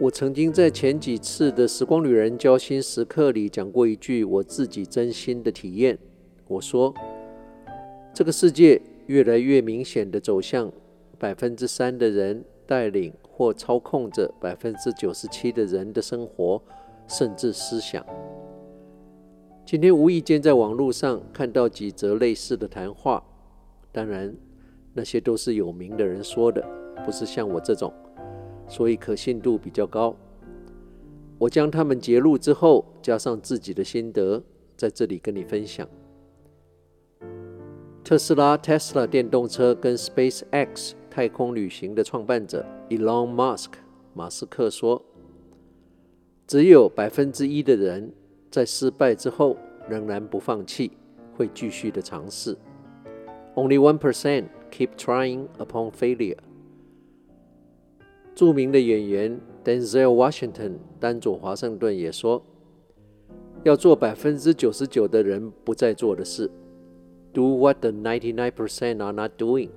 我曾經在前幾次的《時光旅人交心時刻》裡講過一句我自己真心的體驗，我說：這個世界越來越明顯的走向百分之三的人帶領或操控着百分之九十七的人的生活，甚至思想。今天無意間在網絡上看到幾則類似的談話，當然。那些都是有名的人說的，不是像我這種，所以可信度比較高。我將他們揭露之後，加上自己的心得，在這裡跟你分享。特斯拉 Tesla 電動車跟 Space X 太空旅行的創辦者 Elon Musk 馬斯克說：“只有百分之一的人在失敗之後仍然不放棄，會繼續的嘗試。Only one percent。” Keep trying upon failure。著名的演員 Denzel Washington 丹佐華盛頓也說：“要做百分之九十九的人不在做的事，Do what the ninety-nine percent are not doing。”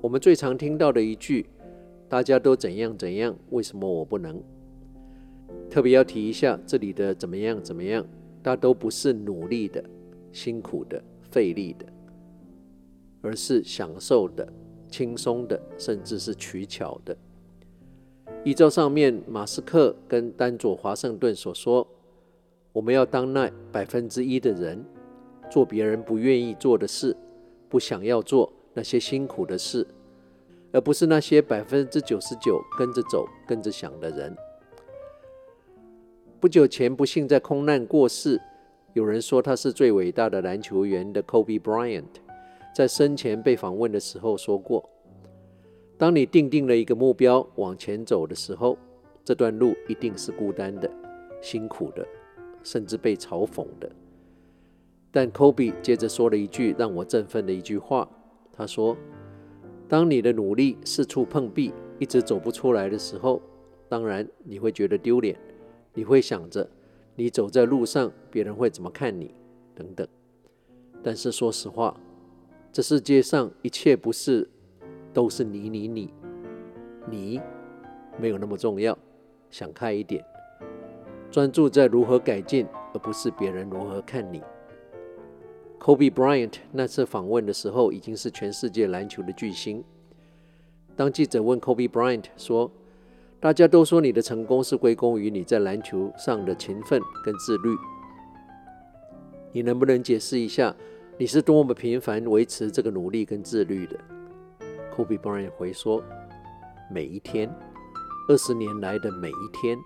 我們最常聽到的一句：“大家都怎樣怎樣，為什麼我不能？”特別要提一下這裡的“怎麼樣怎麼樣”，大都不是努力的、辛苦的、費力的。而是享受的、輕鬆的，甚至是取巧的。依照上面，馬斯克跟丹佐華盛頓所說：“我們要當那百分之一的人，做別人不願意做的事，不想要做那些辛苦的事，而不是那些百分之九十九跟着走、跟着想的人。”不久前，不幸在空難過世。有人說他是最偉大的籃球員的 Kobe Bryant。在生前被訪問的時候說過：“當你定定了一個目標往前走的時候，這段路一定是孤單的、辛苦的，甚至被嘲諷的。”但科比接着說了一句讓我振奮的一句話：“他說，當你的努力四處碰壁，一直走不出來的時候，當然你會覺得丟臉，你會想着你走在路上別人會怎麼看你等等。但是說實話。”這世界上一切不是，都是你你你，你，你沒有那麼重要，想開一點，專注在如何改進，而不是別人如何看你。Kobe Bryant 那次訪問的時候，已經是全世界籃球的巨星。當記者問 Kobe Bryant 說：“大家都說你的成功是歸功於你在籃球上的勤奮跟自律，你能不能解釋一下？”你是多麼頻繁維持這個努力跟自律的？科比 a n 也回說：“每一天，二十年來的每一天，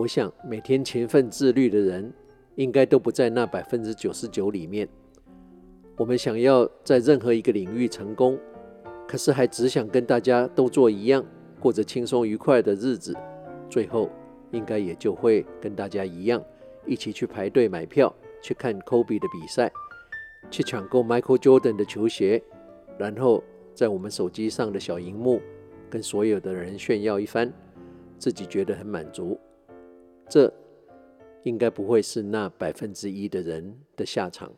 我想每天勤奮自律的人，應該都不在那百分之九十九裡面。我們想要在任何一個領域成功，可是還只想跟大家都做一樣，過着輕鬆愉快的日子，最後應該也就會跟大家一樣，一起去排隊買票。”去看科比的比賽，去搶購 Michael Jordan 的球鞋，然後在我們手機上的小熒幕跟所有的人炫耀一番，自己覺得很滿足。這應該不會是那百分之一的人的下場。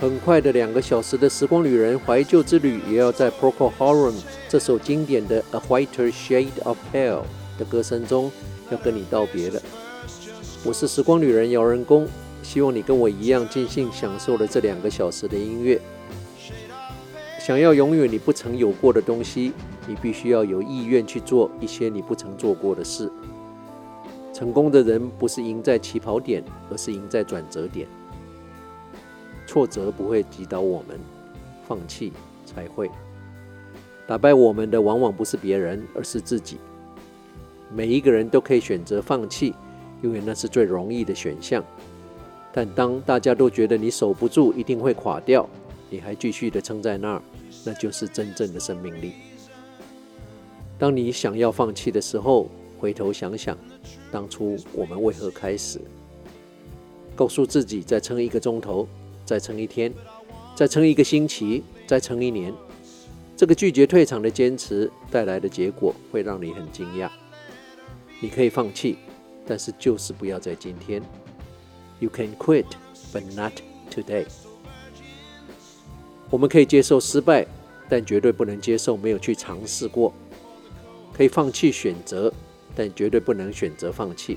很快的兩個小時的時光旅人懷舊之旅，也要在《Procol Harum》這首經典的《A Whiter Shade of Pale》的歌聲中，要跟你道別了。我是時光旅人姚人公，希望你跟我一樣盡興享受了這兩個小時的音樂。想要永遠你不曾有過的東西，你必須要有意願去做一些你不曾做過的事。成功的人不是贏在起跑點，而是贏在轉折點。挫折不會擊倒我們，放棄才會。打敗我們的往往不是別人，而是自己。每一個人都可以選擇放棄，因為那是最容易的選項。但當大家都覺得你守不住，一定會垮掉，你還繼續的撐在那兒，那就是真正的生命力。當你想要放棄的時候，回頭想想當初我們為何開始，告訴自己再撐一個鐘頭。再撐一天，再撐一個星期，再撐一年，這個拒絕退場的堅持帶來的結果會讓你很驚訝。你可以放棄，但是就是不要在今天。You can quit, but not today. 我們可以接受失敗，但絕對不能接受沒有去嘗試過。可以放棄選擇，但絕對不能選擇放棄。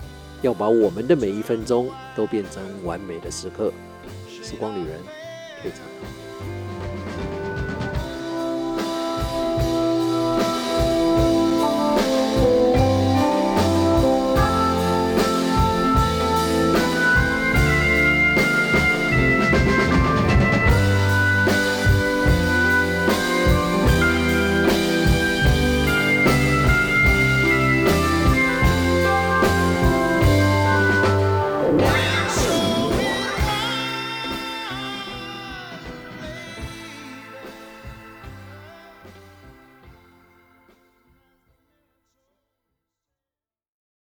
要把我們的每一分鐘都變成完美的時刻。時光旅人非常好。